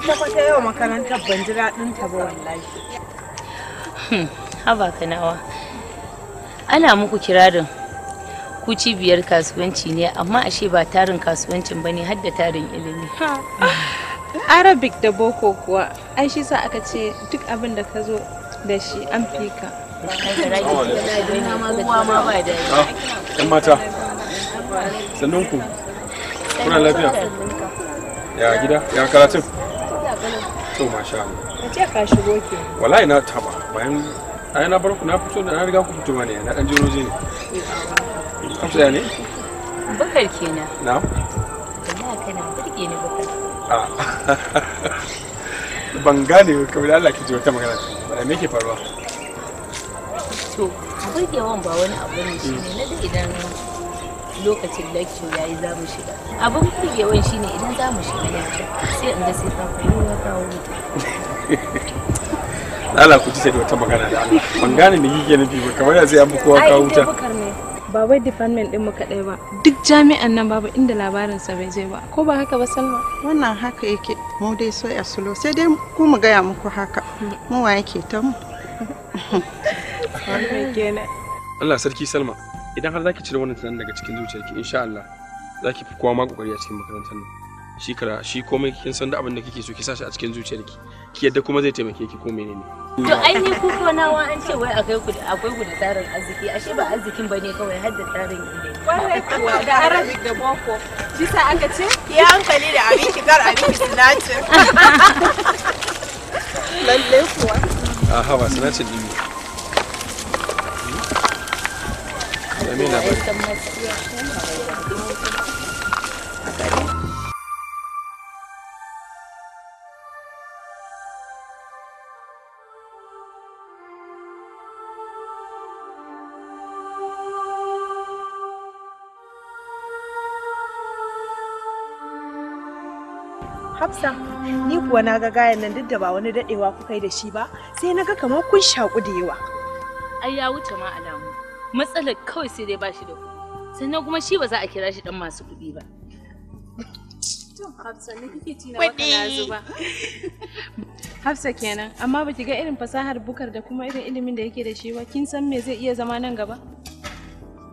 kwata-kwata yau makarantar ban ji ta ba wallahi hmm, haba kanawa ana muku kirarin ku cibiyar kasuwanci ne amma ashe ba tarin kasuwancin bane har da tarin ilimi arabic da boko kuwa ai shi sa aka ce duk abin da ka zo da shi an fi ka yan ah, mata sannan ku kuna lafiya ya gida ya karatun to masha Allah na ce ka shigo ke wallahi na taba bayan ai na bar ku na fito da na riga ku fito ma ne na dan jiro je ne ka tsaya ne bakar kenan na kana kana burge ni bakar a ah. ban gane kamar Allah ki ji wata magana ba eh, me ke faruwa to burgewan ba wani abu ne shine na da idan lokacin lecture yayi za mu shiga abin shi ne idan za mu shiga lecture sai inda sai ka koyo ya kawo mutum ala ku ci sai wata magana da Allah ban gane me kike nufi ba kamar sai an kowa kawo wuta ba wai department din mu kadai ba duk jami'an nan babu inda labarin sa bai je ba ko ba haka ba Salma wannan haka yake mu dai so ya sulo sai dai ku mu gaya muku haka mu wa yake ta mu Allah sarki Salma idan har zaki cire wannan tunanin daga cikin zuciyarki insha Allah zaki fi kowa ma kokari a cikin makarantar nan shi kara shi komai kin san da abin da kike so ki sashi a cikin zuciyarki ki yadda kuma zai taimake ki ko menene to ne ku ko nawa an ce wai akwai ku akwai ku da tarin arziki ashe ba arzikin bane kawai har da tarin gida kwarai kuwa da arabic da boko shi sa aka ce ki hankali da abin kitar abin sinacin lalle kuwa a hawa Hafsa, ni kuwa na ga gayan nan duk da ba wani dadewa kuka yi da shi ba, sai na ga kamar kun shaku da yawa. Ai ya wuce ma alamu. matsalar kawai sai dai ba shi da kuɗi sannan kuma shi ba za a kira shi dan masu kuɗi ba Hafsa kenan amma baki ga irin fasahar bukar da kuma irin ilimin da yake da shi ba kin san me zai iya zama nan gaba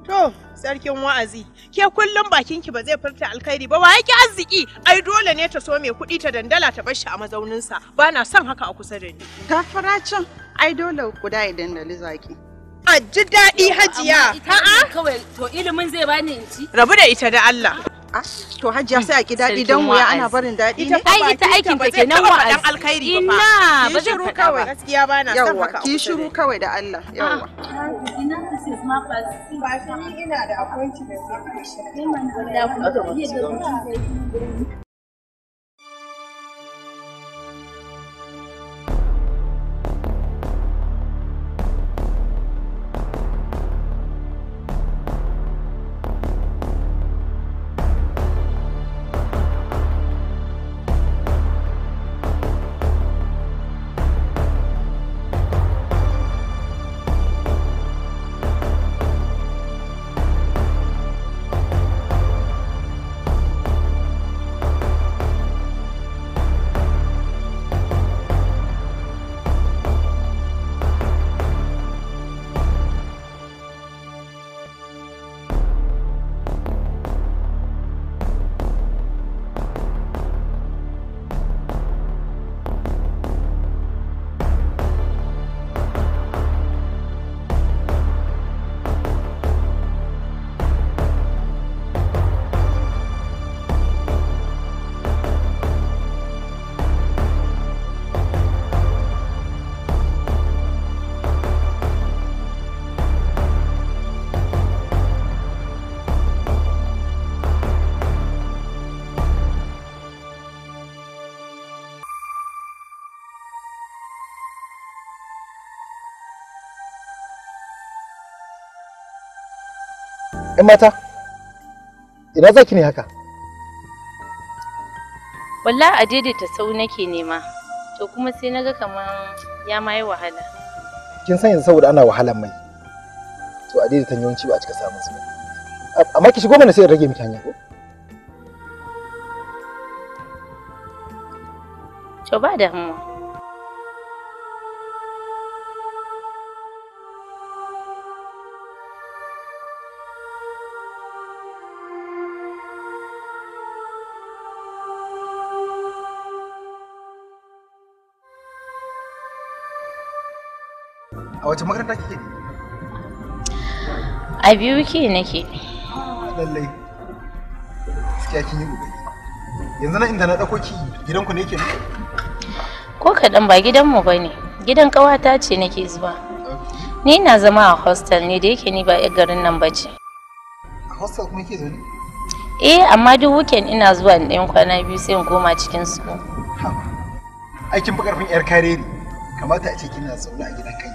To, sarkin wa'azi, ke kullum bakinki ba zai furta alkhairi ba, ya ki arziki, ai dole ne ta so mai kuɗi ta dandala ta bar shi a mazauninsa, ba na son haka a kusa da ni. Kafara can, ai dole guda ya dandali zaki. a ji daɗi hajiya. A'a. Kawai to ilimin zai bani in ci. Rabu da ita da Allah. To hajiya sai a ki daɗi dan wuya ana barin daɗi ne. Ai ita aikin ta kenan wa alkhairi ba. Ina ba zai shiru kawai gaskiya ba na son haka. Ki shiru kawai da Allah. Ah. Yawwa. Ina da ina da 'yan mata ina zaki ne haka walla a daidaita sau nake nema to kuma sai naga kamar ya ma yi wahala kin san yanzu saboda ana wahalan mai to a daidaita yawanci ba a cika samun su amma ki shigo mana sai in rage miki hanya ko to ba damuwa a wace makaranta kike a biyu ke nake ah, lallai gaskiya kin yi gobe yanzu na inda na dauko ki gidanku ne yake ko kaɗan ba gidanmu ba ne gidan ƙawata ce nake zuwa ni na zama a hostel ne da yake ni ba a garin nan ba ce a hostel kuma ke zaune eh amma duk weekend ina zuwa in ɗan kwana biyu sai in koma cikin su aikin fi karfin 'yar kare ne kamata a ce kina zaune a gidan kai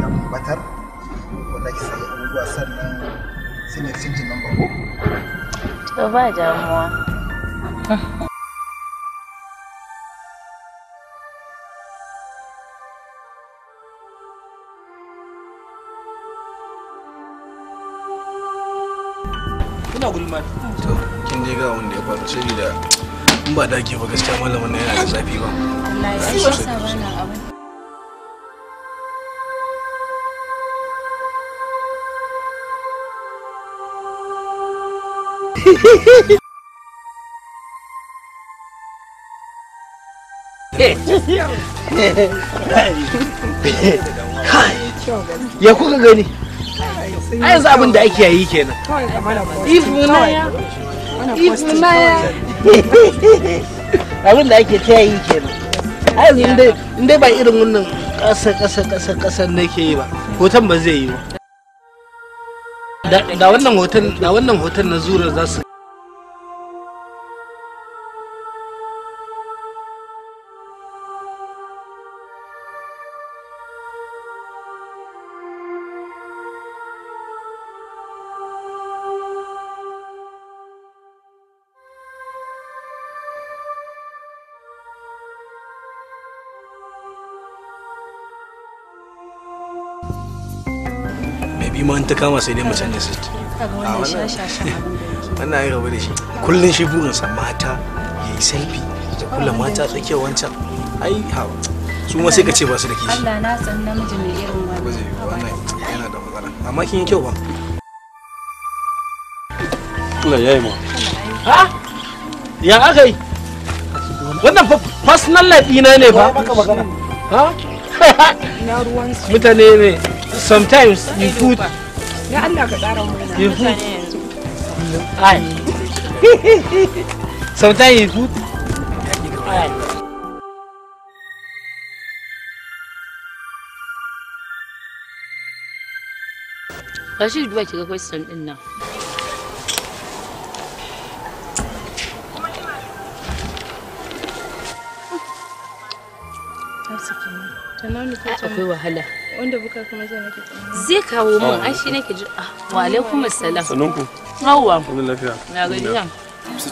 an batar wanda ki sai abubuwa sannan sai ne sun nan ko to ba damuwa Ina guri To, kin je ga wanda ya faru saboda in ba dake ba gaskiya malamin yana da zafi ba. Allah ya abin ya kuka gani a yanzu abin da ake yi kenan na na ya. abin da ake ta yi kenan a yanzu inda ba irin wannan ƙasa ƙasa ƙasa ƙasa nake yi ba hoton ba zai yi ba da wannan hoton na zura za su ta kama sai dai mu canja sit a wannan ai rabu da shi kullun shi burinsa mata yayi selfie da kula mata tsakiyar wancan ai ha su ma sai ka ce ba su da kishi Allah na san namiji mai irin wannan ba zai yi wannan yana da matsala amma kin yi kyau ba Allah ya yi ma ha ya aka yi wannan fa personal life ɗina ne ba ha mutane ne sometimes you put Ya Allah ka tsara mana. Ye food. Ai. ki ga question din nan. Akwai wahala. wanda kuma zai nake zai kawo mun ai shi nake ji ah, wa alaikum assalam sanin ku yawwa Allah lafiya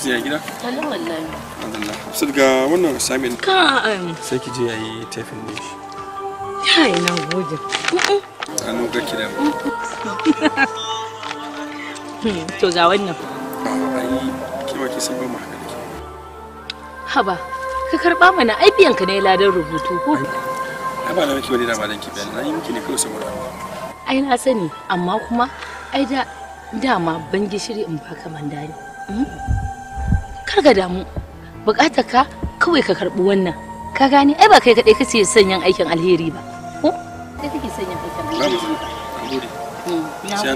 ya gida? wallahi. ga wannan assignment. Ka sai ki je yayi tafin ne shi. gode. ga da hmm, To ga wannan. Ai ki ki san ba haka Haba, ka karba mana aibiyanka ne ladan rubutu ko? ai ba na miki da ba dan na yi miki ne kawai saboda ai na sani amma kuma ai da dama ban gishiri in baka mandari hmm? kar ka damu bukatar ka kawai ka karbi wannan ka gane ai ba kai kadai kace sanyan aikin alheri ba ko kai kake sanyan aikin alheri hmm, sai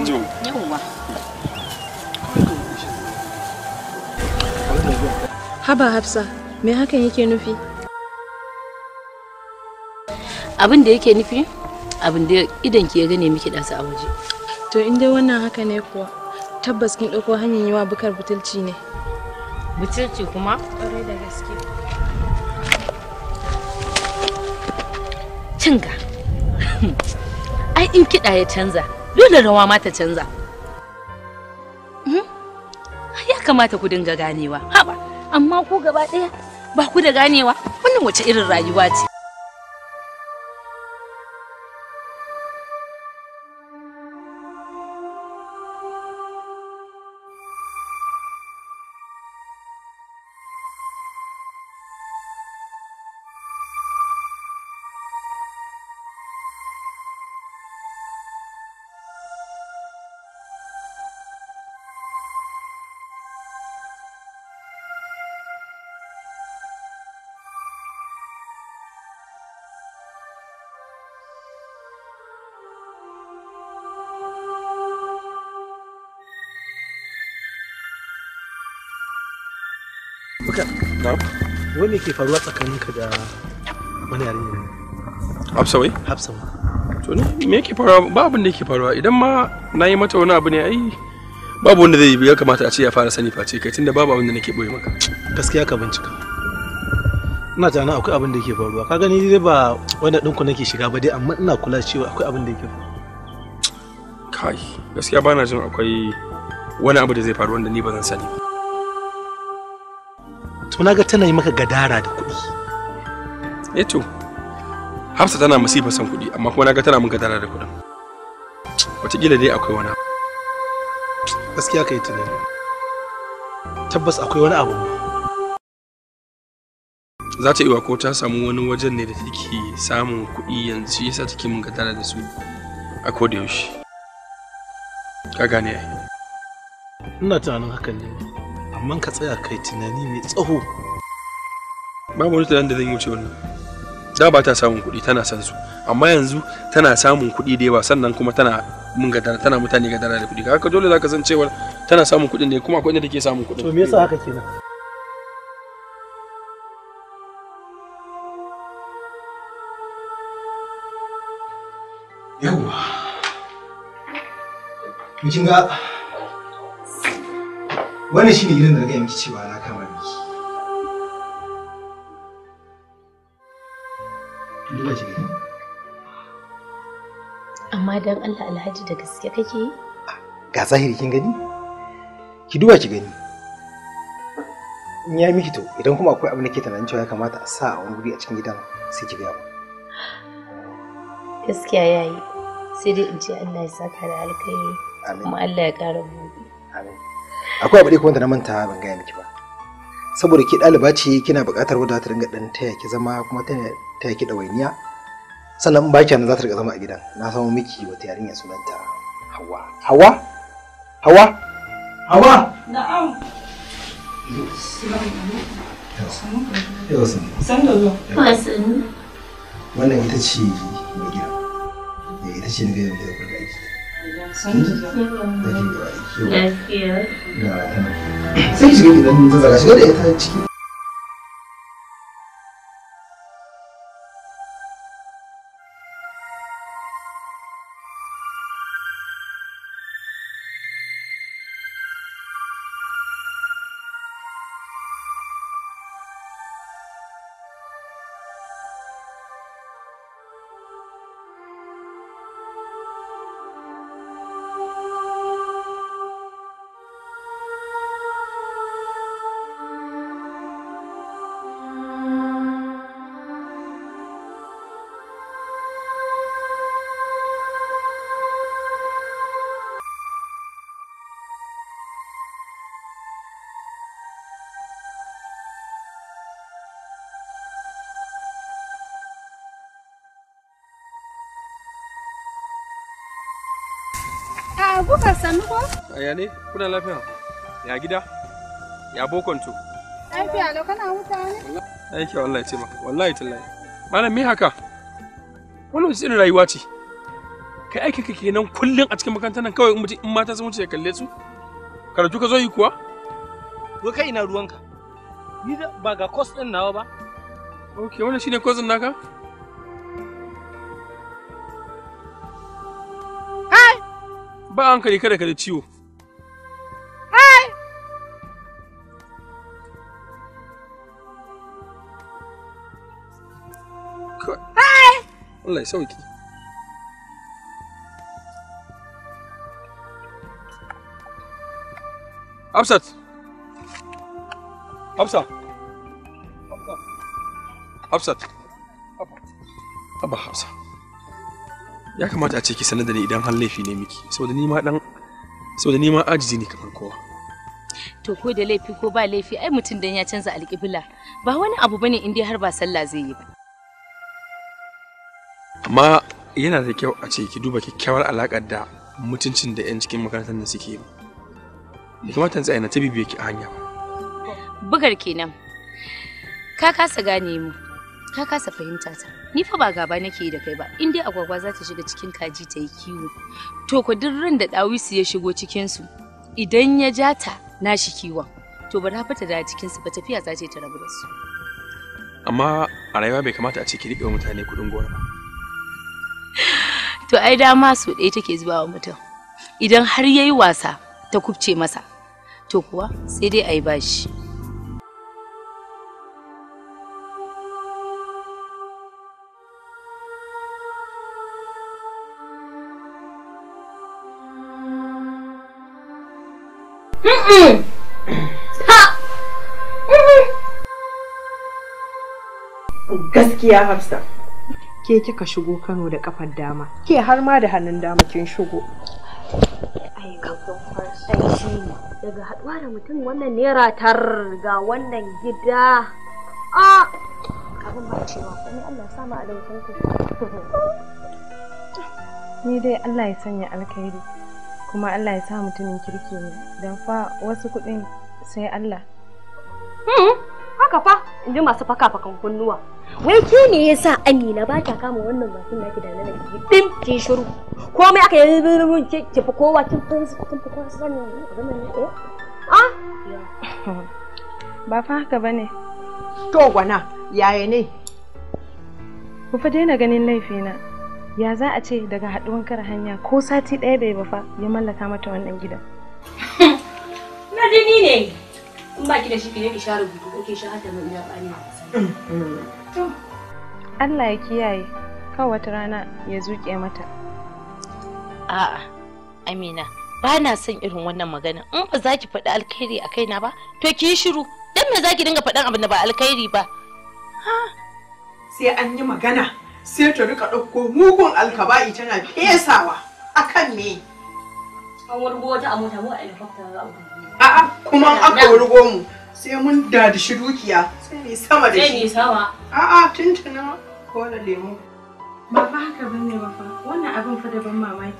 haba hafsa me hakan yake nufi abin da yake nufi abin da idan ki ya gane miki ɗansa a waje to in dai wannan haka ne kuwa tabbas kin ɗauko hanyar yawa bukar butulci ne butulci kuma kare da gaske cinga ai in kiɗa ya canza dole rawa ma ta canza hmm? ya kamata ku dinga ganewa haba amma ku gaba ɗaya ba ku da ganewa wannan wace irin rayuwa ce Buka. Wani ke faruwa tsakaninka da wani yarinya ne? Hafsa wai? To ni me yake faruwa ba abin da yake faruwa idan ma na yi mata wani abu ne ai babu wanda zai yi ya kamata a ce ya fara sani face kai tunda babu abin da nake boye maka. Gaskiya ka bincika. Ina tunanin akwai abin da yake faruwa. Ka gani dai ba wanda ɗinku nake shiga ba dai amma ina kula cewa akwai abin da yake faruwa. Kai gaskiya bana jin akwai wani abu da zai faru wanda ni ba zan sani ba. so na ga tana yi maka gadara da kuɗi eto eh hafsa tana masifar son kuɗi amma kuma na ga tana min gadara da kuɗin wataƙila dai akwai wani gaskiya ka yi tunani tabbas akwai wani abu za ta iya ko ta samu wani wajen ne da take samun kuɗi yanzu yasa take min gadara da su a da yaushe ka gane ai ina tunanin hakan ne amma ka tsaya kai tunani mai tsaho babu wani tunanin da zan yi wuce wannan da ba ta samun kuɗi tana san su amma yanzu tana samun kuɗi da yawa sannan kuma tana mun gadara tana mutane gadara da kuɗi haka dole zaka san cewa tana samun kuɗin ne kuma akwai inda take samun kuɗin to me yasa haka kenan yawa kin ga wannan shine irin da ga miki cewa na kama shi duba ki amma dan Allah Alhaji da gaske kake yi ga zahiri kin gani ki duba ki gani in ya miki to idan kuma akwai abin da ke tunanin cewa ya kamata a sa a wani guri a cikin gidan sai ki gaya mu gaskiya yayi sai dai in ce Allah ya saka da alkai kuma Allah ya ƙara buɗe amin akwai abu kuma da na manta ban gaya miki ba saboda ki ɗaliba ce kina buƙatar wadda ta dinga ɗan taya ki zama kuma taya ki ɗawainiya sannan in baki za ta riga zama a gidan na samu miki wata yarinya sunanta hawa hawa hawa hawa na'am wannan ita ce mai gida eh, ita ce na gaya sai shiga gidan zazzaga shiga ciki kuka sannu ko? Ya ne, kuna lafiya? Ya gida? Ya bokonto? Lafiya lau kana mutane? Aiki wallahi ce maka, wallahi tallahi. Malam me haka? Wani wasu irin rayuwa ce? Kai aiki ka kenan kullum a cikin makarantar nan kawai in mata sun wuce ya kalle su? Karatu ka zo yi kuwa? Ko kai ina ruwanka? Ni ba ga kos ɗin nawa ba? Ok, wannan shine kos ɗin naka? a hankali kada ka da ciwo. Hai! Hai! Allah ya sauki. Hafsat! Hafsa! Hafsat! Hafsa! Hafsa! ya kamata a ce ki sanar da ni idan har laifi ne miki saboda ni ma dan saboda ni ma ajiji ne kamar kowa to ko da laifi ko ba laifi ai mutum dan ya canza alƙibla ba wani abu bane in dai har ba sallah zai yi ba amma yana da kyau a ce ki duba kyakkyawar alaƙar da mutuncin da 'yan cikin makarantar da suke yi da kamata tsaye na ta bibiye ki a hanya bugar kenan ka kasa gane mu ka kasa fahimta ta ni fa ba gaba nake yi da kai ba in dai agwagwa za ta shiga cikin kaji ta yi kiwo to ku duk ran da dawisu ya shigo cikin su idan ya ja ta na shi kiwon to ba ta fita da cikin su ba tafiya za ta rabu da su amma a rayuwa bai kamata a ce ki rike mutane kudin gora ba to ai dama su ɗaya take zuwa wa mutum idan har yayi wasa ta kubce masa to kuwa sai dai a yi bashi Gaskiya Hafsa. Ke kika shigo Kano da kafar dama, ke har ma da hannun dama kin shigo. Ai kafin farsai shi ne daga haɗuwa da mutum wannan naira tar ga wannan gida. A abin ba cewa kuma Allah sa ma a Ni dai Allah ya sanya alkhairi. kuma Allah ya sa mutumin kirki ne don fa wasu kuɗin sai Allah. Hmm, haka fa in ji masu faka-fakan kunnuwa. Wai ke ne ya sa Amina ba ta kama wannan masu naki da nan ki din ki shiru. Komai aka yi birnin ki ki fi kowa kin fi kin fi kowa sanin abin ne eh? Ah? Ba fa haka bane. To gwana yaya ne? Ku fa daina ganin laifina. ya za a ce daga haɗuwan kar hanya ko sati ɗaya bai bafa ya mallaka mata wannan gidan na dini ne in ba ki da shi ke ne ki sha rubutu ko ke sha hata mai ya bani Allah ya kiyaye kawai wata rana ya zuƙe mata a'a amina ba na son irin wannan magana in ba za ki faɗi alkhairi a kaina ba to ki yi shiru dan me za ki dinga faɗan abin da ba alkhairi ba ha sai an yi magana sai ta rika ɗauko mugun alkaba'i tana fesawa akan me an wurgo wata a mota mu a helicopter za a'a kuma an aka wurgo mu sai mun dadishi dukiya sai mai sama da shi sai ni sama a'a tuntuna ko da lemu ba fa haka bane ba fa wannan abin fa da ban mamaki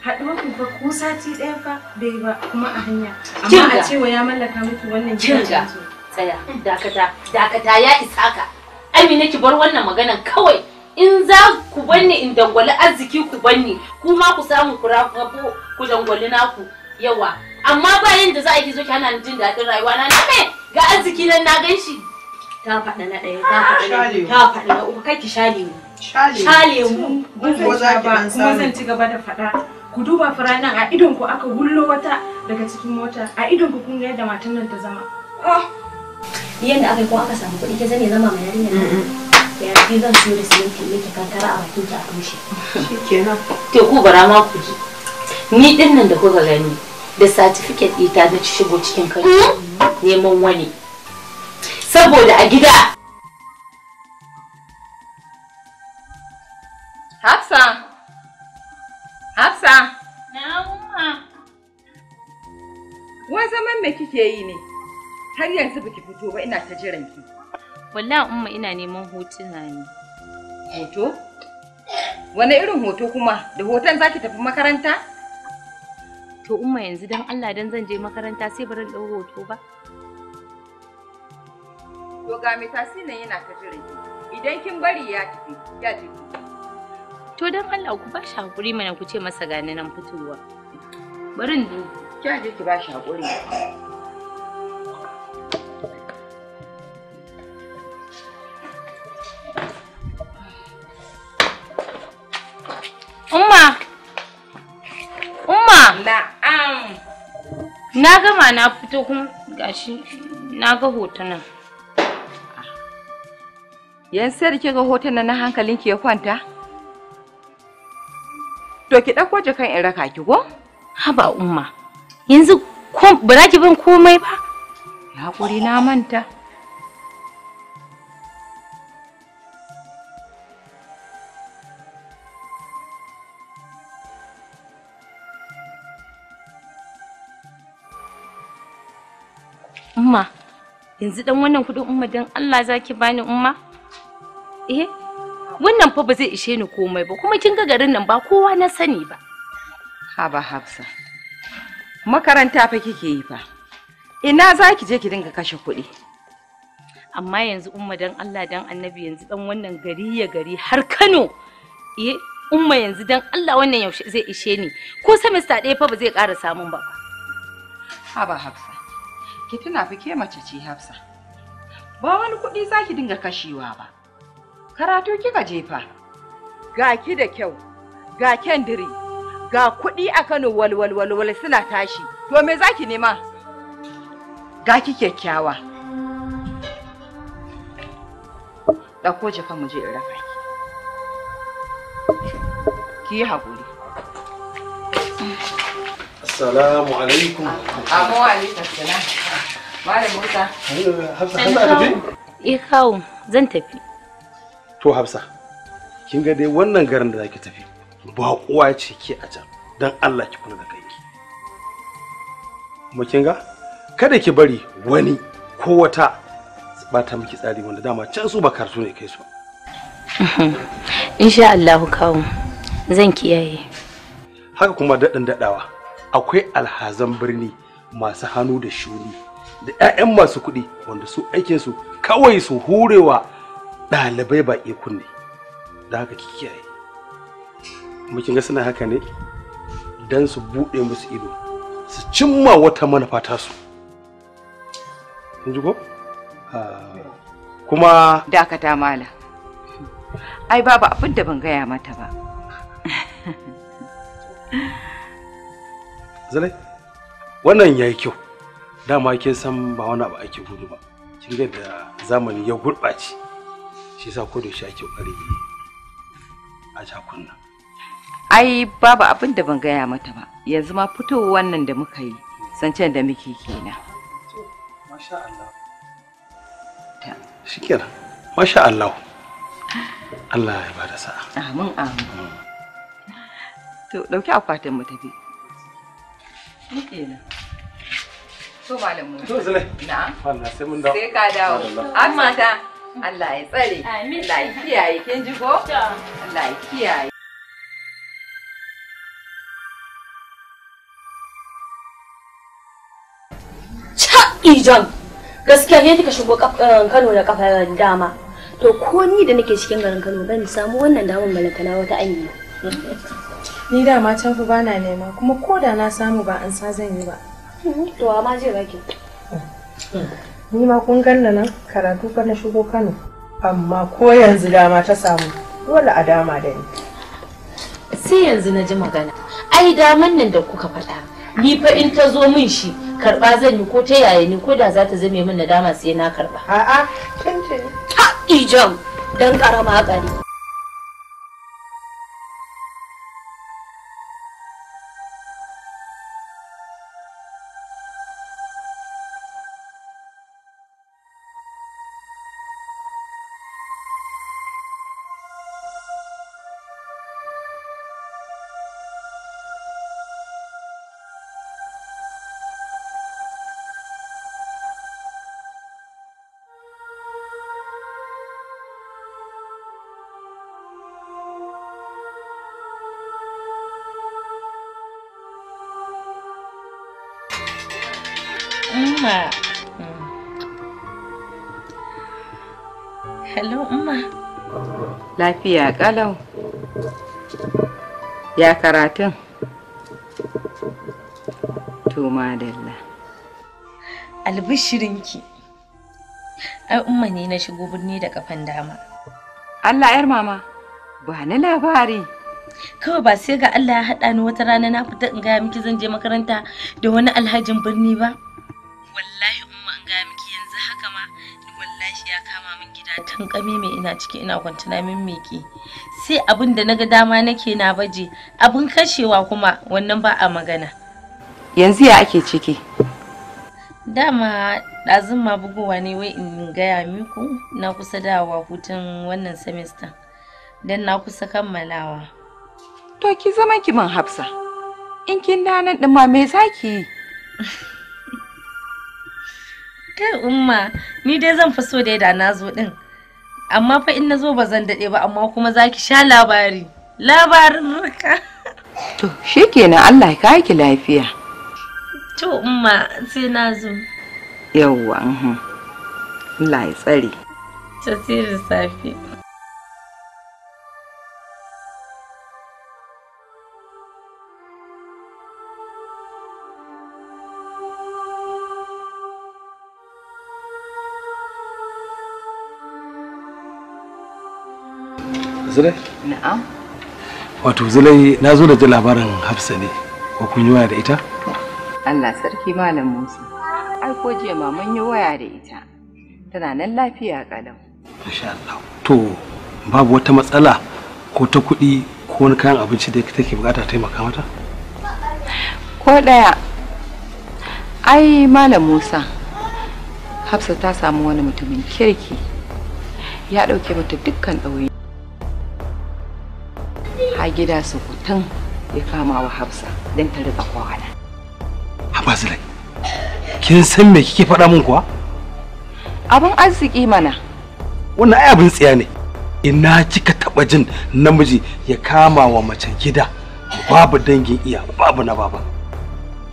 haɗuwar ku fa ko sati ɗaya fa bai ba kuma a hanya amma a cewa ya mallaka miki wannan gidan tsaya dakata dakata ya isa ka ai me nake bar wannan maganan kawai in za ku banne in dangwali arziki ku banne kuma ku samu ku rafafo ku dangwali naku yawa amma ba yanda za a yi zo ki ni jin daɗin rayuwa na me ga arziki nan na gan shi ta faɗa na ɗaya ta faɗa na ta faɗa na uku kai ki shale mu shale mu kuma zan ci gaba da faɗa ku duba nan a idon ku aka wullo wata daga cikin mota a idon ku kun ga yadda matan nan ta zama ah. yanda aka yi ko aka samu kuɗi ke zane zama mai yarinya ya zan so da sai ki miki kankara a bakin ki a tushe shikenan to ku bara ma ku ji ni din nan da kuka gani da certificate ita na shigo cikin kai neman wani saboda a gida Hafsa Hafsa na umma zaman me kike yi ne har yanzu biki fito ba ina ta jiran ki wallahi umma ina neman hotuna ne hoto eh, wani irin hoto kuma da hoton zaki tafi makaranta to umma yanzu dan Allah dan zan je makaranta sai barin ɗau hoto ba to ga mai tasirin yana ta jira idan kin bari ya tafi ya tafi to dan Allah ku ba shi hakuri mana ku ce masa gani nan fitowa barin du kya je ki ba shi hakuri na fito kuma gashi na ga hotunan. Yan sai da ke ga hotunan na ki ya kwanta? To ki ɗauko jakan in raka ki go Haba umma, yanzu ba za ki bin komai ba? Na na manta. umma yanzu dan wannan kudin umma dan Allah zaki bani umma eh wannan fa ba zai ishe ni komai ba kuma kin ga garin nan ba kowa na sani ba haba hafsa makaranta fa kike yi fa ina zaki je ki dinga kashe kuɗi amma yanzu umma dan Allah dan annabi yanzu dan wannan gari ya gari har Kano eh umma yanzu dan Allah wannan yaushe zai ishe ni ko semester ɗaya fa ba zai ƙara samun ba haba hafsa ki tuna fi ke mace ce Hafsa. Ba wani kuɗi za ki dinga kashewa ba. Karatu kika jefa. Ga ki da kyau, ga kendiri, ga kuɗi a Kano walwalwalwal suna tashi. To me za ki nema? Ga ki kyakkyawa. Ɗauko jefa mu je in rafa ki. Ki yi haƙuri. Assalamu alaikum. Amu alaikum salam. Malam Musa. Hafsa, Hafsa tafi? Eh kawo, zan tafi. To Hafsa, kin ga dai wannan garin da zaki tafi ba kuwa ce ke a can don Allah ki kula da kanki. Kuma kin ga kada ki bari wani ko wata bata miki tsari wanda dama can su ba karatu ne kai su. Insha Allah kawo zan kiyaye. Haka kuma daɗin daɗawa. akwai alhazan birni masu hannu da shuni da 'ya'yan masu kuɗi wanda su aikinsu kawai su hurewa ɗalibai baƙi kunne da haka kikiyaye mukin ga suna haka ne don su buɗe musu ido su cimma wata manufa tasu ko? Ah, kuma dakata mala ai babu abin da ban gaya mata ba zale wannan yayi kyau dama kin san ba wani abu ake gudu ba kin ga da zamani ya gurɓace shi yasa ko da shi ake ƙoƙari a jakunna ai babu abin da ban gaya mata ba yanzu ma fitowar wannan da muka yi zancen da muke kenan masha Allah shikenan masha Allah Allah ya bada sa'a amin amin mm. to dauki akwatin mu tafi ka dawo. Allah ya tsare. Amin. Allah ya kiyaye kin ji ko? Allah ya kiyaye. Ijan gaskiya ne kika shigo eh, Kano da kafa dama to ko ni da nake cikin garin Kano ban samu wannan damar malakana wata amina Ni ma can fa bana nema kuma ko da na samu ba an sa zan yi ba. Mhm, to amma je baki. Ni ma kun ganna nan karatu fa na shigo Kano. Amma ko yanzu dama ta samu wala a da ni. Sai yanzu na ji magana. Ai daman nan da kuka faɗa. Ni fa in ta zo min shi karɓa zan yi ko ta yaya ni ko da za ta zame min nadama sai na karɓa. A'a, ce Ha, ijam, dan ƙarama ƙari. umma hmm. hello umma lafiya kalau ya karatun to madalla albishirinki ai umma ne na shigo birni da kafan dama Allah yar mama ba ni labari kawai ba sai ga Allah ya haɗa ni wata rana na fita in gaya miki zan je makaranta da wani alhajin birni ba tankame mai ina ciki ina kwanci na mimmiki sai abin da na ga dama nake na baje abin kashewa kuma wannan ba a magana yanzu ya ake ciki dama ɗazun ma bugowa ne wai in gaya miku na kusa dawa hutun wannan semester don na kusa kammalawa to ki zama ki man hafsa in kin danan ɗin ma me zaki yi Kai umma, ni dai zan fi so dai da na zo din. amma fa in na zo ba zan daɗe ba amma kuma za ki sha labari labarin raka to shikenan Allah ya ki lafiya to umma sai na zo yawwa mhm. Allah ya tsare ta safi Zulai? Na'am. Wato Zulai na zo da ji labarin Hafsa ne. Ko kun yi waya da ita? Allah sarki Malam Musa. Ai ko jiya ma mun yi waya da ita. Tana nan lafiya kalau. Masha Allah. To babu wata matsala ko ta kuɗi ko wani kayan abinci da take bukata taimaka mata? Ko ɗaya. Ai Malam Musa. Hafsa ta samu wani mutumin kirki. ya ɗauke mata dukkan ɗauyi a gida su kutun ya kama wa Hafsa don ta riƙa kwana. Haba Zulai, kin san me kike faɗa min kuwa? Abin arziki mana. Wannan ai abin tsiya ne. Ina kika taɓa jin namiji ya kama wa mace gida babu dangin iya babu na baba.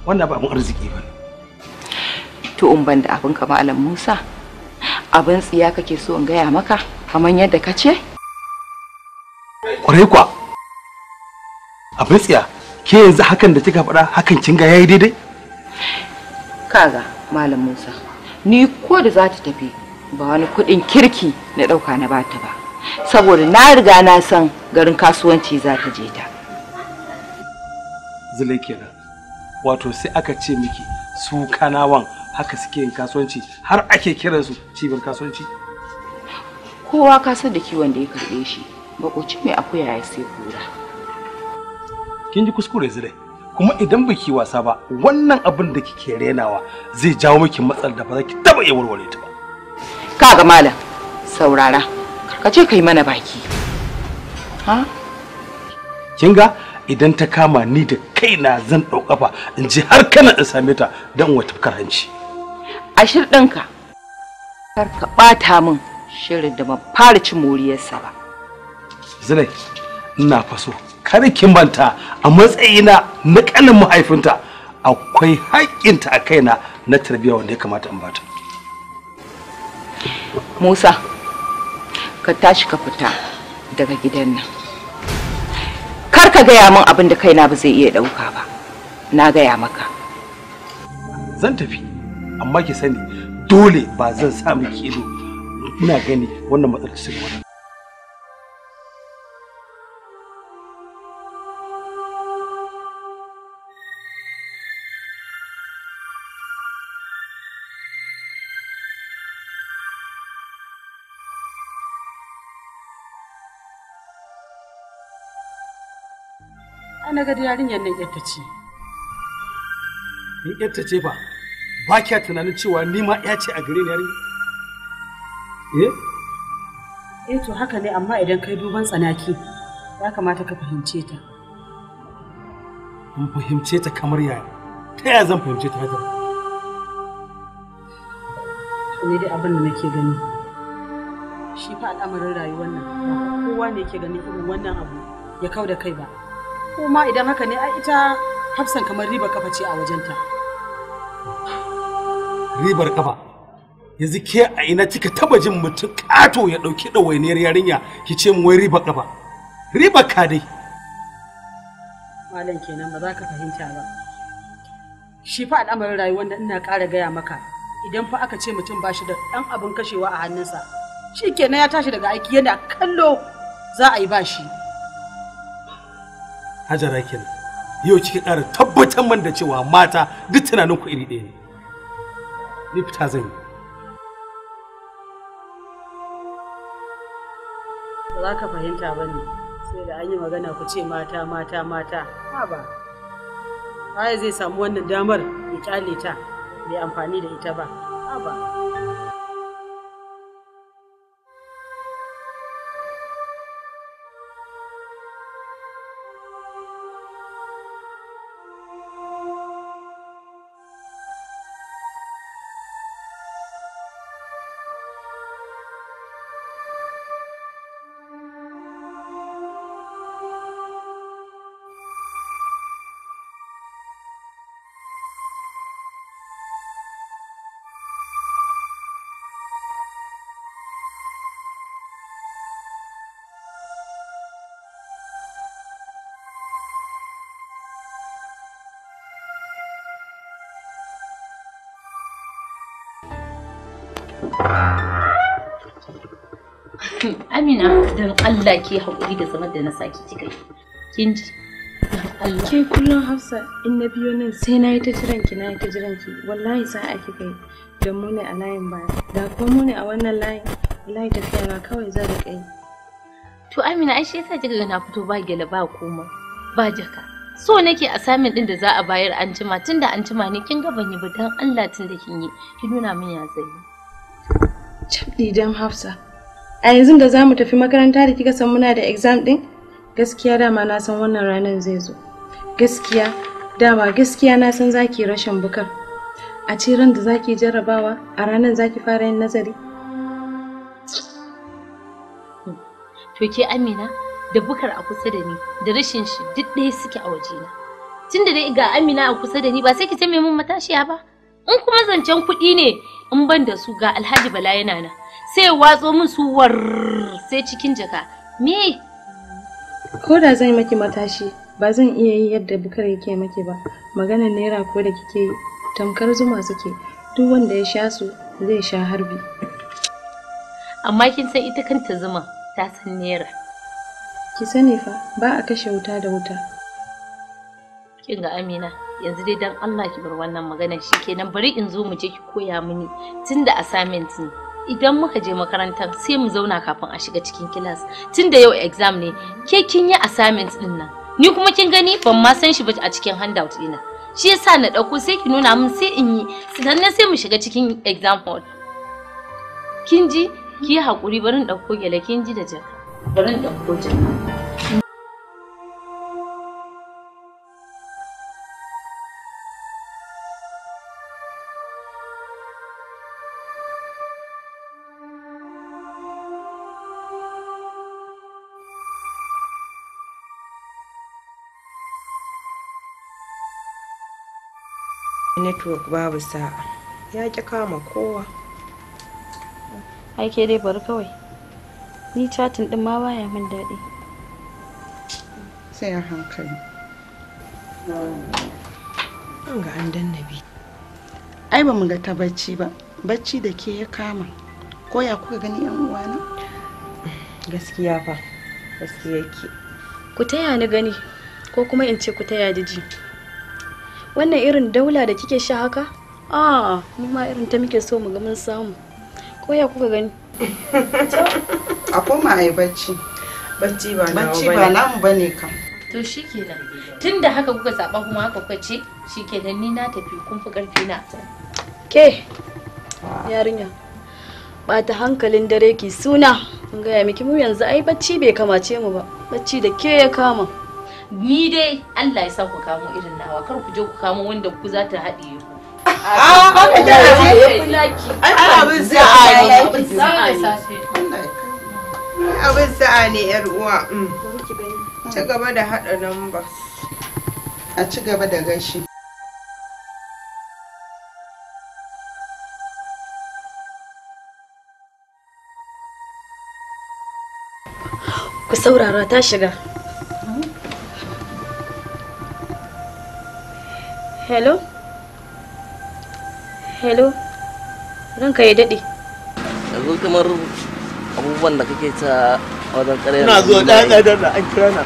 Wannan ba abin arziki ba ne. To in ban da abin ka Malam Musa, abin tsiya kake so in gaya maka kamar yadda ka ce? Kwarai kwa. abin tsiya ke yanzu hakan da kika faɗa hakan kin ga yayi daidai kaga malam Musa ni ko da za ta tafi ba wani kuɗin kirki na ɗauka na bata ba saboda na riga na san garin kasuwanci za ta je ta zulai kenan wato sai aka ce miki su kanawan haka suke yin kasuwanci har ake kiransu cibiyar kasuwanci kowa ka san da kiwon da ya karɓe shi bakoci mai akuya ya sai kura kin ji kuskure zire kuma idan baki wasa ba wannan abin da kike renawa zai jawo miki matsala da ba za ki taba iya warware ta ba kaga malam saurara karkace kai mana baki ha kin ga idan ta kama ni da kaina zan ɗau ƙafa in ji har kana in same ta dan wata karanci. A shirɗinka, kar ka ɓata min shirin da ban fara cin moriyarsa ba. Zinai, ina faso Har ki manta a matsayina na kanin mahaifinta akwai haƙƙinta a kaina na tarbiyya wanda ya kamata in bata Musa ka tashi ka fita daga gidan nan kar ka gaya min abin da kaina ba zai iya ɗauka ba na gaya maka zan tafi amma ki sani dole ba zan sa miki ido ina gani wannan matsalar ba. na ga yarinyar nan yadda ce in yadda ce fa ba kya tunanin cewa ni ma ya ce a gare ni yarinyar. eh eh to haka ne amma idan kai duban tsanaki ya kamata ka fahimce ta in fahimce ta kamar yaya ta yaya zan fahimce ta haka ne dai abin da nake gani shi fa al'amarin rayuwar nan kowa ne ke ganin irin wannan abu ya kau da kai ba kuma idan haka ne ai ita hafsan kamar ribar kafa ce a wajenta ribar kafa yanzu ke a ina kika taba jin mutum kato ya dauki ɗawainiyar yarinya ki ce mu wai ribar kafa ribar ka dai malam kenan ba za ka fahimta ba shi fa al'amarin rayuwar da ina ƙara gaya maka idan fa aka ce mutum ba shi da ɗan abin kashewa a hannunsa shi kenan ya tashi daga aiki yana kallo za a yi ba shi hajara kenan yau kika ƙara tabbatar man da cewa mata duk tunanin ku iri ɗaya ne ni fita zan yi za ka fahimta ba ne sai da an yi magana ku ce mata mata mata ha ba zai samu wannan damar ya kyale ta bai amfani da ita ba ha ba Allah ke haƙuri da zaman da na saki kika yi kin ji Allah ke kullum Hafsa in na biyo nan sai na yi ta jiran ki na yi ta jiran ki wallahi a kika yi don mu ne a layin baya da kuma mu ne a wannan layin wallahi tafiya na kawai za da kai to Amina ai shi yasa kika ga na fito ba gele ba koma ba jaka so nake assignment din da za a bayar an jima tunda an jima ne kin ga ban yi ba dan Allah tunda kin yi ki nuna min ya zai Cabdi dam Hafsa a yanzu da za mu tafi makaranta da kika san muna da exam din gaskiya dama na san wannan ranar zai zo gaskiya dama gaskiya na san zaki rashin bukar a ce ran da zaki jarrabawa a ranar zaki fara yin nazari to ke amina da bukar a kusa da ni da rashin shi duk ɗaya suke a wajena tun da dai ga amina a kusa da ni ba sai ki tame min matashiya ba in kuma zancen kuɗi ne in ban da su ga alhaji bala yana nan sai watso min su war sai cikin jaka me ko da zan maki matashi ba zan iya yi yadda bukar yake maki ba maganar naira ko da kike tamkar zuma suke duk wanda ya sha su zai sha harbi amma kin san ita kanta zuma ta san naira ki sani fa ba a kashe wuta da wuta kin ga amina yanzu dai dan Allah ki bar wannan magana shikenan bari in zo mu je ki koya mini tunda assignment ne idan muka je makarantar sai mu zauna kafin a shiga cikin kilas tun da yau exam ne ke kin yi assignment din nan ni kuma kin gani ban ma san shi ba a cikin handout ɗina shi yasa na ɗauko sai ki nuna min sai in yi sannan sai mu shiga cikin exam hall kin ji ki yi barin dauko gyale kin ji da jaka barin dauko jaka network babu sa'a ya ki kama kowa aike dai bari kawai ni chatin din ma baya min daɗi sai a hankali an ga an danna bi ai ba mu ga ta bacci ba bacci da ke ya kama ko ya kuka gani yan uwana gaskiya fa gaskiya ki ku taya ni gani ko kuma in ce ku taya da ji wannan irin daula da kike sha haka Ah, mu ma irin ta muke so mu ga mun samu ko ya kuka gani a koma ai bacci bacci ba bacci ba namu bane kam to shikenan tunda haka kuka zaba kuma haka kuka ce shikenan ni na tafi kun fi karfi na ke yarinya bata hankalin dare ki suna gaya miki mu yanzu ai bacci bai kamace mu ba bacci da ke ya kama ni dai Allah ya sa ku kamo irin nawa kar ku je ku kamo wanda ku za ta haɗiye ku ah, ah, abin sa'a ne yar uwa mm. ci gaba da haɗa namba a ci gaba da gashi ku saurara ta shiga hello hello ranka ya daɗe yanzu kamar abubuwan da kake ta wajen ƙarya na zuwa ɗaya ɗaya da an kira na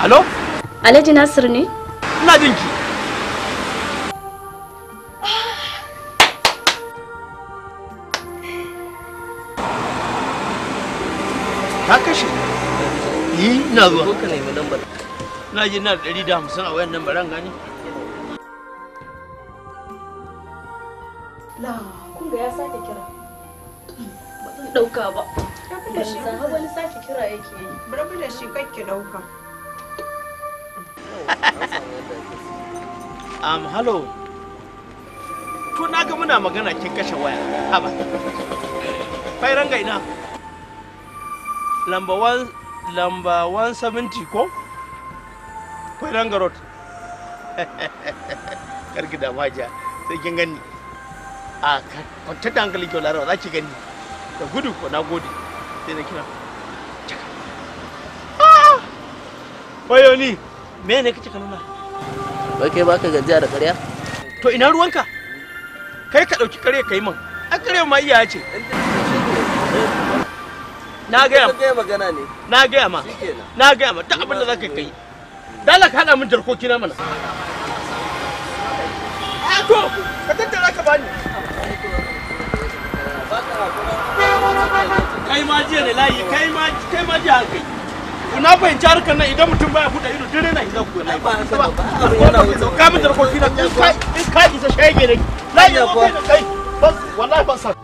Hello? alhaji nasir ne ina ta kashe yi ina zuwa na ji na da hamsin a wayan nan baran gani ɗauka ba. Um, hello. To na ga muna magana kin kashe waya. Haba. Fairan ga ina. Lamba 1 lamba 170 ko? Fairan ga road. Karki da maja sai kin gani. Ah, A kwantar ta hankali kyau larawa za ki gani. da gudu ko na gode sai na kira bayo ah! ni me ne kace ka nuna wai kai baka gajiya da ƙarya to ina ruwanka kai ka ɗauki ƙarya kai min a ƙarya ma iya ce na gaya ma na gaya ma na gaya ma duk abin da zaka kai dala ka hada min jarkoki na mana to ka tattara ka bani kai ma jiya ne layi kai ma kai ma jiya kai na fahimci harkar nan idan mutum baya buɗe ido dare na idan ku na ba ka mutar ko kina in kai in ka isa shege ne layi ko kai bas wallahi ban san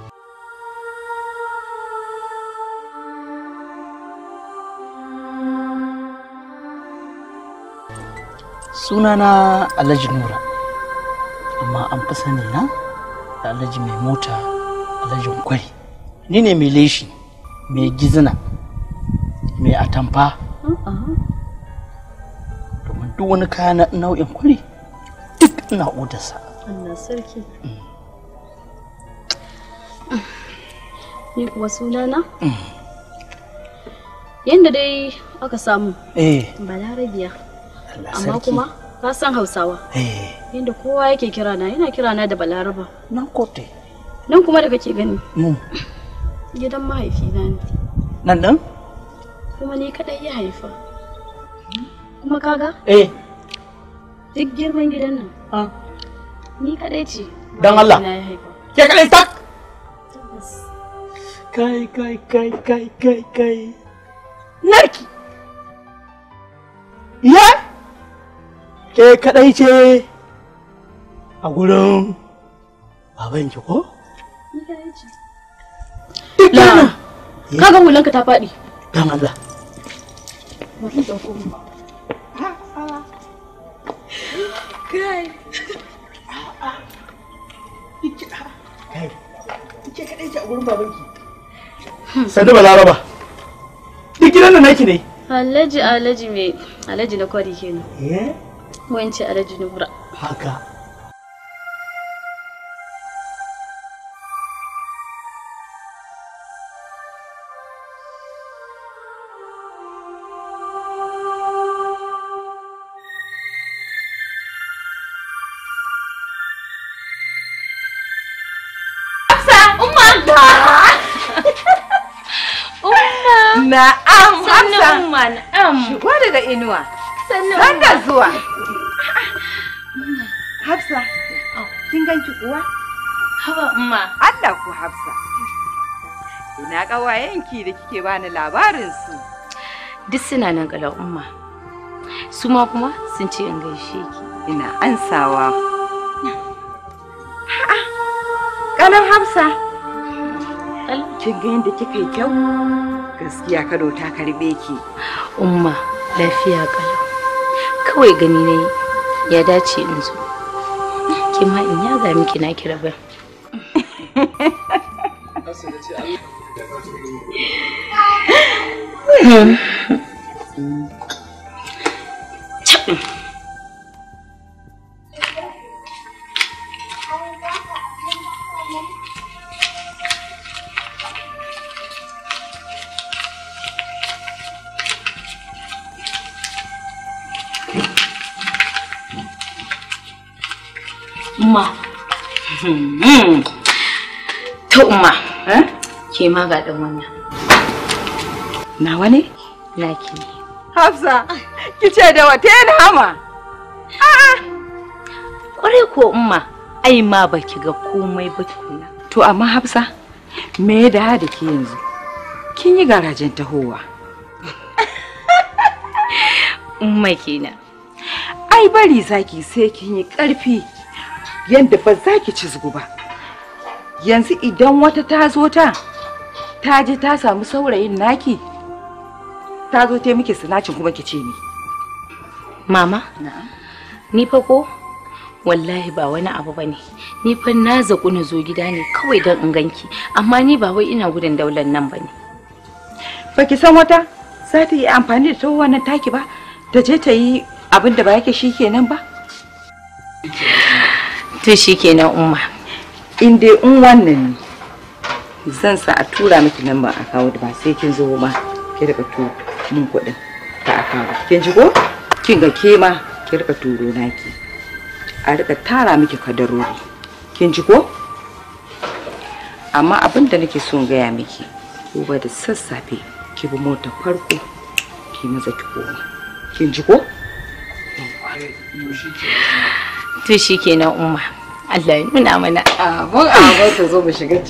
sunana alhaji nura amma an fi sani na da alhaji mai mota alhaji kwari ni ne mai leshi mai gizina mai atamfa domin duk wani kaya na nau'in kuri duk ina odarsa Allah sarki mm. ah, ni kuwa sunana mm. yadda dai aka samu eh. balarabiya amma kuma ka san hausawa eh. yadda kowa yake kirana yana kirana da balaraba nan kote nan kuma da kake gani mm. gidan na ne nan ɗin kuma ni kaɗai ya haifa kuma kaga eh duk girman gidan nan ni kaɗai ce don Allah ke kaɗai tak kai kai kai kai kai kai narki iya. ke kaɗai ce a gurin babanki ko? Eh? ka ga hulanka ta faɗi. Dan Allah. Kai. Ke kaɗai a na kwari kenan. Eh? Alhaji Haka. Na'am Hafsa. Sannan ma na'am. Shigo daga inuwa. Sannan da zuwa. Ah. Hafsa. Oh. Kin ganki kuwa? Hawa umma. Allah ku Hafsa. Ina ƙawayenki da kike bani labarin su. Duk suna nan kala umma. Su ma kuma sun ce in gaishe ki. Ina ansawa. Kalan hmm. ah, Hafsa. Kin ga yadda kika yi kyau? gaskiya kado ta karbe ki umma lafiya kalau kawai gani ne ya dace in zo ki ma in ya ga miki na kira ba Mm-hmm. ke ma ga ɗan wannan nawa ne naki hafsa ki ce da wata yana hama a'a kwarai ko umma ai ma ki ga komai ba tukuna to amma hafsa me ya da da ke yanzu kin yi garajen tahowa umma kenan ai bari zaki sai kin yi karfi yadda ba za ki ci zugu ba yanzu idan wata ta zo ta ta je ta samu saurayin naki ta zo te miki sinacin kuma ki ce ni mama ni fa ko wallahi ba wani abu bane ni fa na zaku na zo gida ne kawai don in ganki amma ni ba wai ina gudun daular nan bane ba ki san wata za ta yi amfani da ta wannan taki ba ta je ta yi abin da ba yake kenan ba to kenan umma in dai in wannan ne zan sa a tura miki lambar akawun ba sai kin zo ma ki rika to mun kudin ta account kin ji ko kin ga ke ma ki rika turo naki a rika tara miki kadarori kin ji ko amma abin da nake son gaya miki uba da sassafe ki bi mota farko ki maza ki koma kin ji ko to kenan umma Allah ya nuna mana abun abun ta zo mu shiga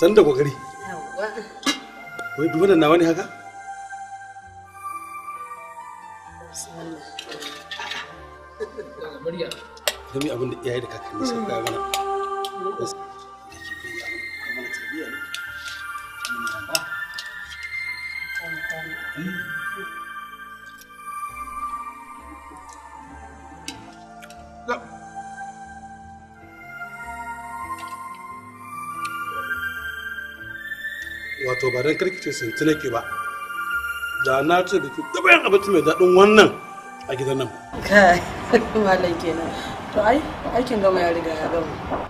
san da kokari wai wannan na wani haka wato ba don karkice sun nake ba da na ce da ki gaba yin abinci mai daɗin wannan a gidan nan kai malam kenan to ai aikin gama ya riga ya gama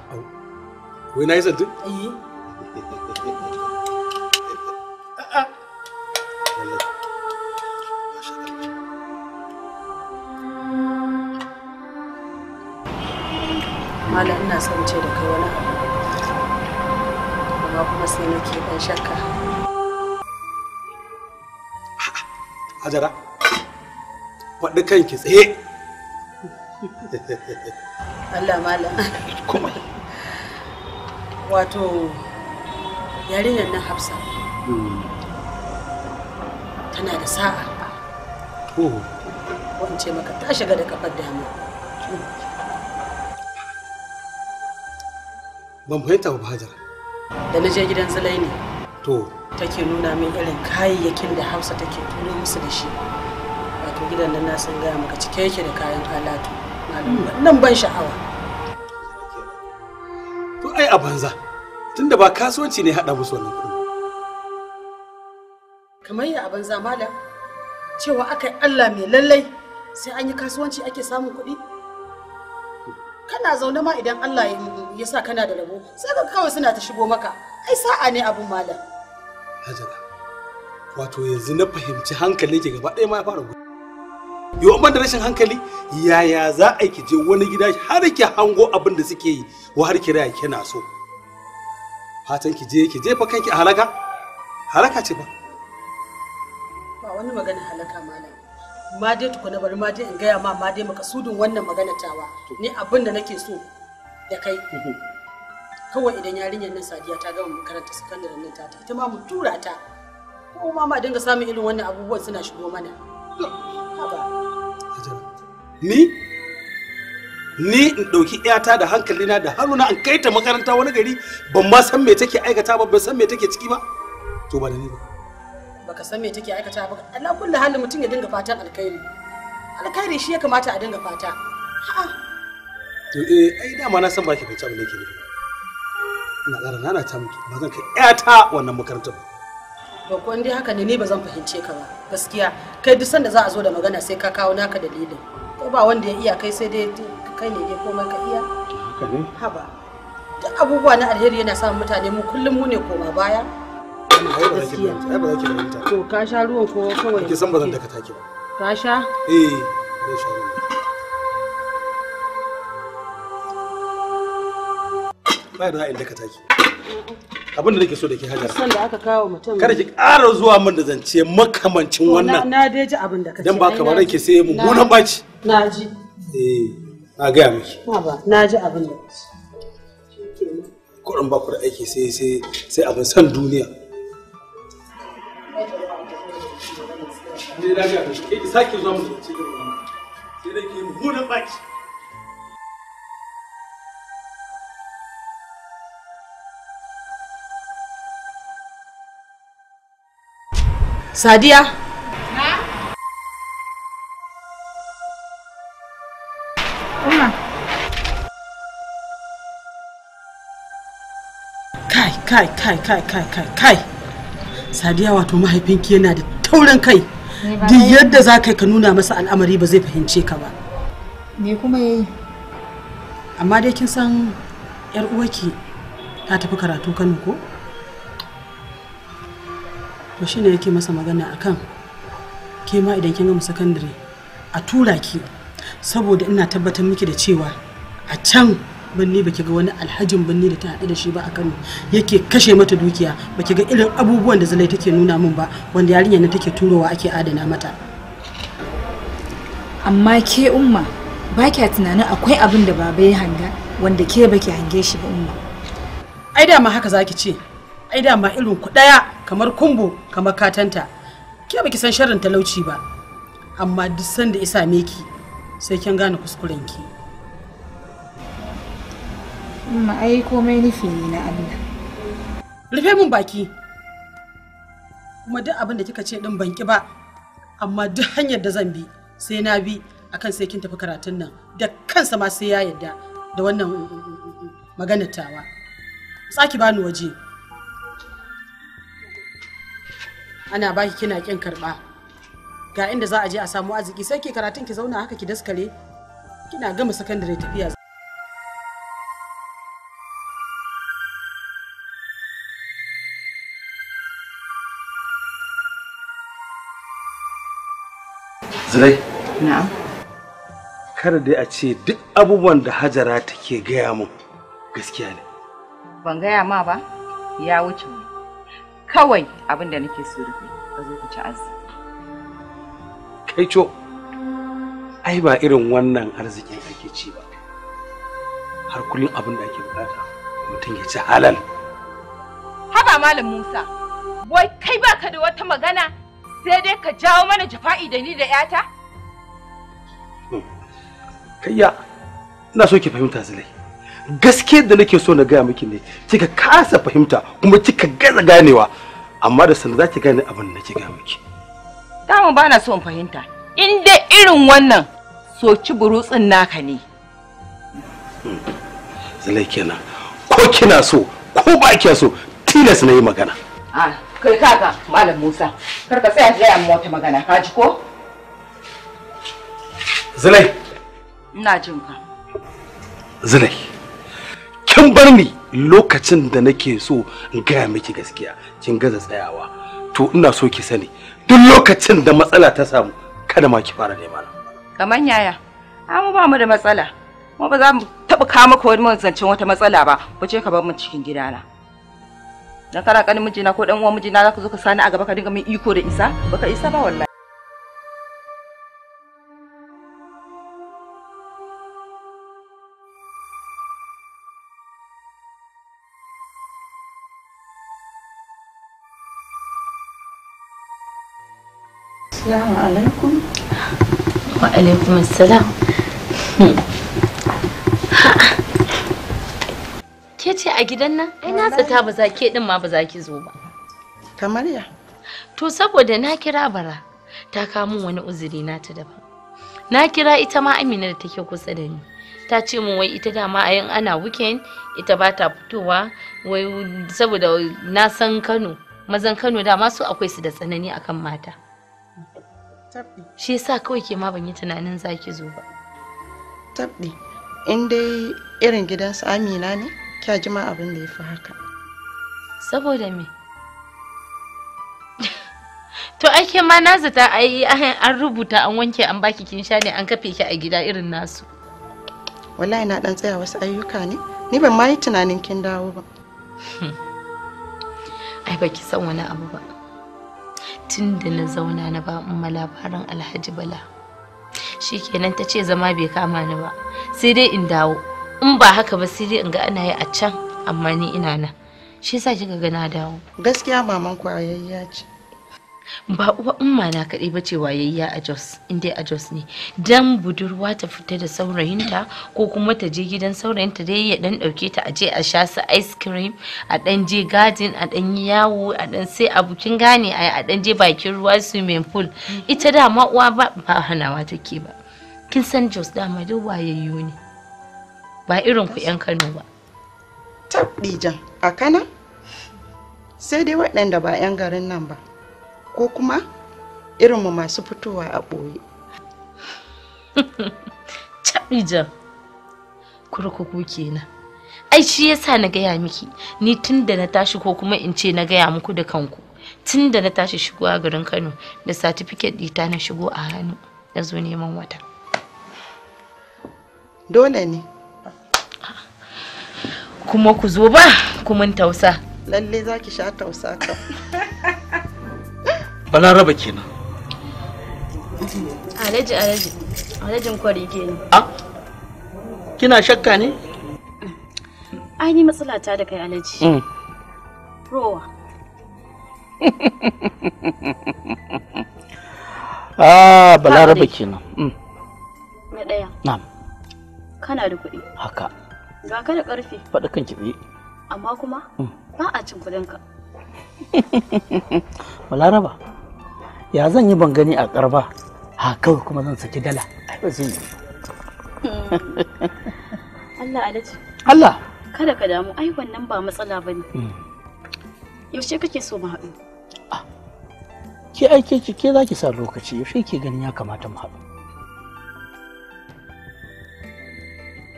wai na yi santi eh Malam ina son ce da kai wani abu. ba kuma sai nake ban shakka. Hajara, faɗi kanki tsaye. Allah malam. Kuma. Wato, yarinyar nan Hafsa. Hmm. Tana da sa'a. Wance maka ta shiga da kafar dama. Ban fahimta ba Hajara. da na je gidan zulaini to take nuna min irin kayayyakin da hausa take tuno musu da shi wato gidan nan na san gaya maka cike yake da kayan alatu nan ban sha'awa to ai a banza tunda ba kasuwanci ne haɗa musu wannan kuma kamar ya a banza malam cewa aka yi allah mai lallai sai an yi kasuwanci ake samun kuɗi kana zaune ma idan allah ya yi yasa kana da rabo sai ka kawai suna ta shigo maka ai sa'a ne abun malam hajara wato yanzu na fahimci hankali ke gaba ɗaya ma ya fara gudu yau ban da rashin hankali yaya za a ki je wani gida har ki hango abin da suke yi wa har ki raya kina so fatan ki je ki jefa kanki a halaka halaka ce ba ba wani magana halaka malam ma dai tukuna bari ma dai in gaya ma ma dai makasudin wannan magana tawa ni abin da nake so da kai mhm. kawai idan yarinyar nan sadiya ta gama makaranta sakandare nan ta ita ma mu tura ta ko ma ma dinga samun irin wannan abubuwan suna shigo mana ni ni in ɗauki ƴata da hankalina da haruna an kai ta makaranta wani gari ban ma san me take aikata ba ban san me take ciki ba to ba da ni ba baka san me take aikata ba Allah kullu halin mutum ya dinga fatan alkhairi alkhairi shi ya kamata a dinga fata a'a to eh ai dama na san baki fahimci abin da yake nufi ina ƙara nana ta miki ba zan kai ƴata wannan makarantar ba to ko dai haka ne ni ba zan fahimce ka ba gaskiya kai duk sanda za a zo da magana sai ka kawo naka dalilin ko ba wanda ya iya kai sai dai kai ne ya komai ka iya haba duk abubuwa na alheri yana sa mutane mu kullum mu ne koma baya to ka sha ruwan ko kawai ki san ba zan daka take ba ka sha eh zan sha ruwan bayar da za a inda ka taki abin da nake so da ke hajar san da aka kawo mutum kada ki ƙara zuwa min da zance makamancin wannan na dai ji abin da ka ce dan ba ka bare ke sai mu mummunan baci na ji eh a ga miki ba na ji abin da kuɗin ba ku da aiki sai sai sai abin san duniya ne da ga ki sake zuwa mu zance sai dai ki mummunan baci Sadiya? Kai, kai, kai, kai, kai, kai, kai. Sadiya wato mahaifinki yana da taurin kai. Di yadda za ka nuna masa al'amari ba zai fahimce ka ba. kuma yayi? Amma dai kin san 'yar uwarki ta tafi karatu Kano ko? to ne yake masa magana a kan ke ma idan kin gama sakandare a tura ki saboda ina tabbatar miki da cewa a can birni baki ga wani alhajin birni da ta haɗu da shi ba a Kano yake kashe mata dukiya baki ga irin abubuwan da zalai take nuna min ba wanda yarinya na take turowa ake adana mata amma ke umma ba kya tunanin akwai abin da baba ya hanga wanda ke baki hange shi ba umma ai dama haka zaki ce ai dama irin ku daya kamar kumbu kamar katanta ke baki san sharrin talauci ba amma duk sanda da isa ki sai kin gane kuskuren ki amma ai komai nufi ne na Allah rufe min baki kuma duk abin da kika ce din banki ba amma duk hanyar da zan bi sai na bi akan sai kin tafi karatun nan da kansa ma sai ya yarda da wannan mm, mm, mm, maganar tawa tsaki bani waje ana baki kina kin karba ga inda za a je a samu arziki sai ke karatun ki zauna haka ki daskare kina gama sakandare tafiya Zirai? Na'am. Kada dai a ce duk abubuwan da Hajara take gaya mun gaskiya ne. Ban gaya ma ba, ya wuce mu. kawai abin da nake so da a ka zo ku ci arziki kai co ai ba irin wannan arzikin ake ci ba har kullum abin da ake bukata mutum ya ci halal haba malam musa wai kai baka da wata magana sai dai ka jawo mana jafa'i da ni da yata hmm. kayya ina so ki fahimta zulai gaske da nake so na gaya miki ne kika kasa fahimta kuma kika gaza ganewa amma da sanda zaki gane abin da nake gaya miki dama bana so in fahimta in dai irin wannan soki burutsin naka ne hmm. zalai kenan ko kina so ko ba kiya so tilas na yi magana a ah, kai kaka malam musa kar ka tsaya gaya min wata magana ka ji ko zalai ina jin ka zalai kin bar ni lokacin da nake so in gaya miki gaskiya kin gaza tsayawa to ina so ki sani duk lokacin da matsala ta samu kada ma ki fara nema na kaman yaya amma ba mu da matsala mu ba za mu taba kama maka wani zancen wata matsala ba ku ce ka bar mu cikin gidana dan kana kanin mijina ko dan uwan mijina za ka zo ka sani a gaba ka dinga min iko da isa baka isa ba wallahi Assalamu alaikum. Wa alaikum hmm. Ke ce a gidan nan? Ai na zata ba za ke din ma ba za ki zo ba. Kamar ya? To saboda na kira bara ta kawo wani uzuri na ta ba, Na kira ita ma Amina da take kusa da ni. ta ce mun wai ita dama a yin ana weekend ita ba ta fitowa wai saboda na san kano mazan kano dama su akwai su da tsanani akan mata Shi yasa kawai ke ma ban yi tunanin zaki zo ba. Tabbi, in dai irin su Amina ne, kya ji ma abin da ya fi haka. Saboda me? To ake ma na zata ai an rubuta an wanke an baki kin sha ne an kafe ki a gida irin nasu. Wallahi na dan tsaya wasu ayyuka ne. Ni ban ma yi tunanin kin dawo ba. Ai baki san wani abu ba. tun da na zauna na ba umma labarin alhaji bala shikenan ta ce zama bai kama ni ba sai dai in dawo in ba haka ba sai dai in ga ana yi a can amma ni ina nan shi yasa kika ga na dawo gaskiya maman kwayayya ce ba uwa umma na kaɗai ba ce wayayya a jos inda a jos ne dan budurwa ta fita da saurayinta ko kuma ta je gidan saurayinta dai ya dan ɗauke ta a je a sha su ice cream a dan je garden a dan yawo a dan sai abokin gane a dan je bakin ruwa swimming pool mm. ita dama uwa ba ba hanawa take ba kin san jos dama duk wayayyo ne ba irin ku yan kano ba tabbijan a kana sai dai waɗanda ba yan garin nan ba ko kuma irinmu masu fitowa a ɓoye. Cabijan kurkuku kenan. Ai shi yasa na gaya miki ni tun da na tashi ko kuma in ce na gaya muku da kanku tun da na tashi shigo a garin Kano da satifiket ɗita na shigo a hannu na zo neman wata. Dole ne. Kuma ku zo ba kuma tausa. Lalle za ki sha tausa ka. balaraba kenan alaji alaji alajin kwari kenan ah, kina shakka ne ai ni matsala ta da kai alaji mm. rowa ah balaraba kenan mm. na daya na'am kana da kuɗi haka ga ka da ƙarfi faɗi kan kiɗi amma kuma mm. ba a cin kuɗinka balaraba ya zan yi ban gani a karba ha kawai kuma zan saki dala zai yi Allah alaji Allah kada ka damu ai wannan ba matsala bane hmm. yaushe kake so mu haɗu ah, ke aike ki ke zaki sa lokaci yaushe ke ganin ya kamata mu haɗu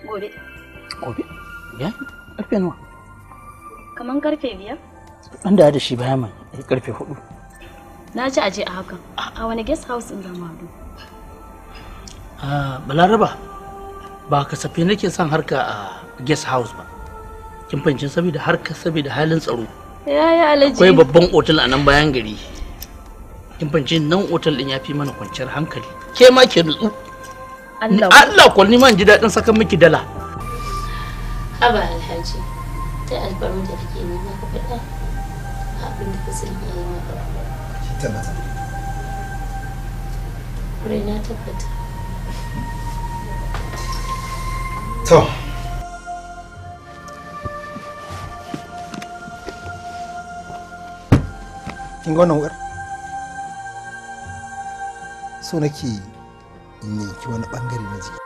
gobe gobe ya karfe nawa kaman karfe biyar an da da shi bayan mai karfe hudu na ji aje a hakan a wani guest house in zama do balaraba ba kasafi nake son harka a guest house ba kin fahimci saboda harka saboda halin tsaro ya alaji akwai babban otal a nan bayan gari kin fahimci nan otal din ya fi mana kwanciyar hankali ke ma ke nutsu Allah ko ni ma ji daɗin sakan miki dala Aba alhaji ta albarmu da kake nema ka faɗa abin da ka sani ya yi maka tana Rai To. kin ga nake in wani bangare na jiki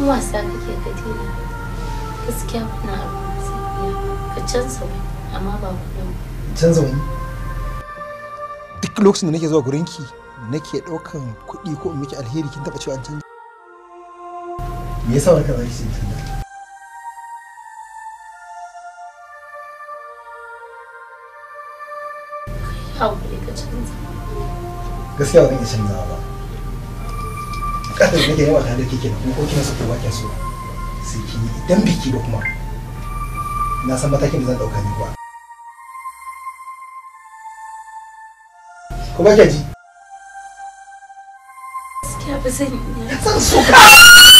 Kuma sa kake kadina gaskiya kuna abu ka canza wani amma ba kullum canza wani duk lokacin da nake zuwa gurinki nake ɗaukan kuɗi ko in miki alheri kin taɓa cewa an canza me yasa wani kaza kike canza gaskiya ba zan iya canzawa ba kadar da yawa tare da kike nan ko kina so ko wakin so sai ki idan biki ba kuma na san matakin da zan dauka ne kuwa ko ba ki ji gaskiya ba zan iya zan so